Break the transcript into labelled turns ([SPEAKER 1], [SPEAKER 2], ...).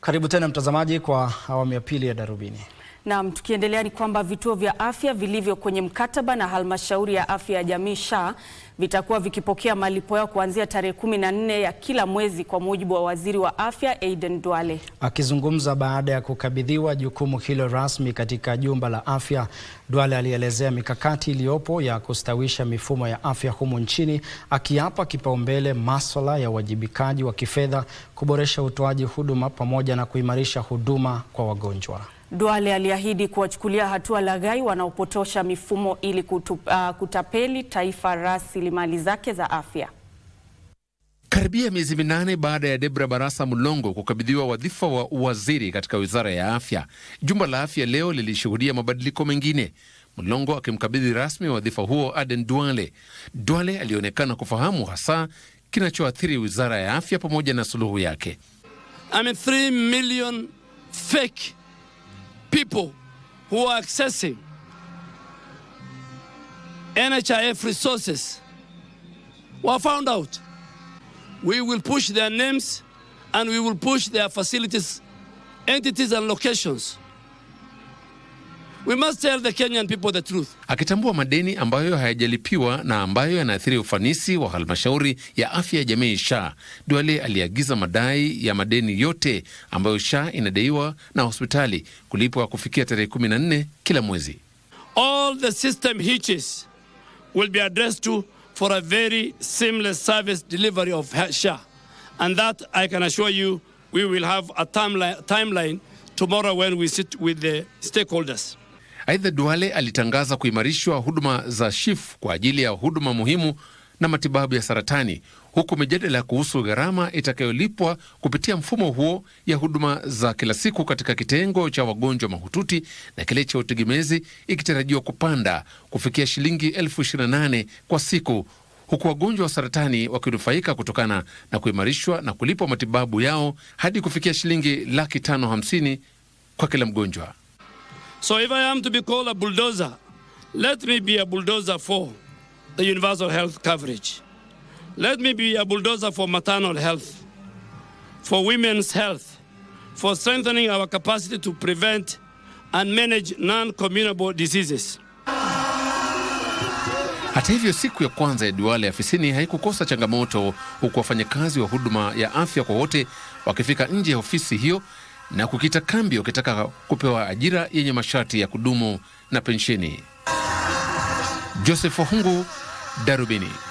[SPEAKER 1] Karibu tena mtazamaji kwa awamu ya pili ya Darubini.
[SPEAKER 2] Naam, tukiendelea ni kwamba vituo vya afya vilivyo kwenye mkataba na halmashauri ya afya ya jamii SHA vitakuwa vikipokea malipo yao kuanzia tarehe kumi na nne ya kila mwezi kwa mujibu wa Waziri wa Afya Aden Duale.
[SPEAKER 1] Akizungumza baada ya kukabidhiwa jukumu hilo rasmi katika jumba la afya, Duale alielezea mikakati iliyopo ya kustawisha mifumo ya afya humu nchini, akiapa kipaumbele masuala ya uwajibikaji wa kifedha, kuboresha utoaji huduma pamoja na kuimarisha huduma kwa wagonjwa.
[SPEAKER 2] Duale aliahidi kuwachukulia hatua laghai wanaopotosha mifumo ili kutu, uh, kutapeli taifa rasilimali zake za afya.
[SPEAKER 1] Karibia miezi minane baada ya Debra Barasa Mulongo kukabidhiwa wadhifa wa uwaziri katika wizara ya afya, jumba la afya leo lilishuhudia mabadiliko mengine, Mulongo akimkabidhi rasmi wadhifa huo Aden Duale. Duale alionekana kufahamu hasa kinachoathiri wizara ya afya pamoja na suluhu yake.
[SPEAKER 3] I'm 3 million fake people who are accessing NHIF resources were found out. We will push their names and we will push their facilities, entities, and locations. We must tell the Kenyan people the truth.
[SPEAKER 1] Akitambua madeni ambayo hayajalipiwa na ambayo yanaathiri ufanisi wa halmashauri ya afya ya jamii SHA, Duale aliagiza madai ya madeni yote ambayo SHA inadaiwa na hospitali kulipwa kufikia tarehe 14 kila mwezi.
[SPEAKER 3] All the system hitches will be addressed to for a very seamless service delivery of SHA. And that I can assure you we will have a timeline tomorrow when we sit with the stakeholders.
[SPEAKER 1] Aidha, Duale alitangaza kuimarishwa huduma za SHIF kwa ajili ya huduma muhimu na matibabu ya saratani, huku mijadala kuhusu gharama itakayolipwa kupitia mfumo huo ya huduma za kila siku katika kitengo cha wagonjwa mahututi na kile cha utegemezi ikitarajiwa kupanda kufikia shilingi elfu 28 kwa siku, huku wagonjwa wa saratani wakinufaika kutokana na kuimarishwa na kulipwa matibabu yao hadi kufikia shilingi laki tano kwa kila mgonjwa.
[SPEAKER 3] So if I am to be called a bulldozer, let me be a bulldozer for the universal health coverage. Let me be a bulldozer for maternal health, for women's health, for strengthening our capacity to prevent and manage non-communicable diseases.
[SPEAKER 1] Hata hivyo, siku ya kwanza ya Duale afisini haikukosa changamoto, huku wafanyakazi wa huduma ya afya kwa wote wakifika nje ya ofisi hiyo na kukita kambi wakitaka kupewa ajira yenye masharti ya kudumu na pensheni. Joseph Wahungu, Darubini.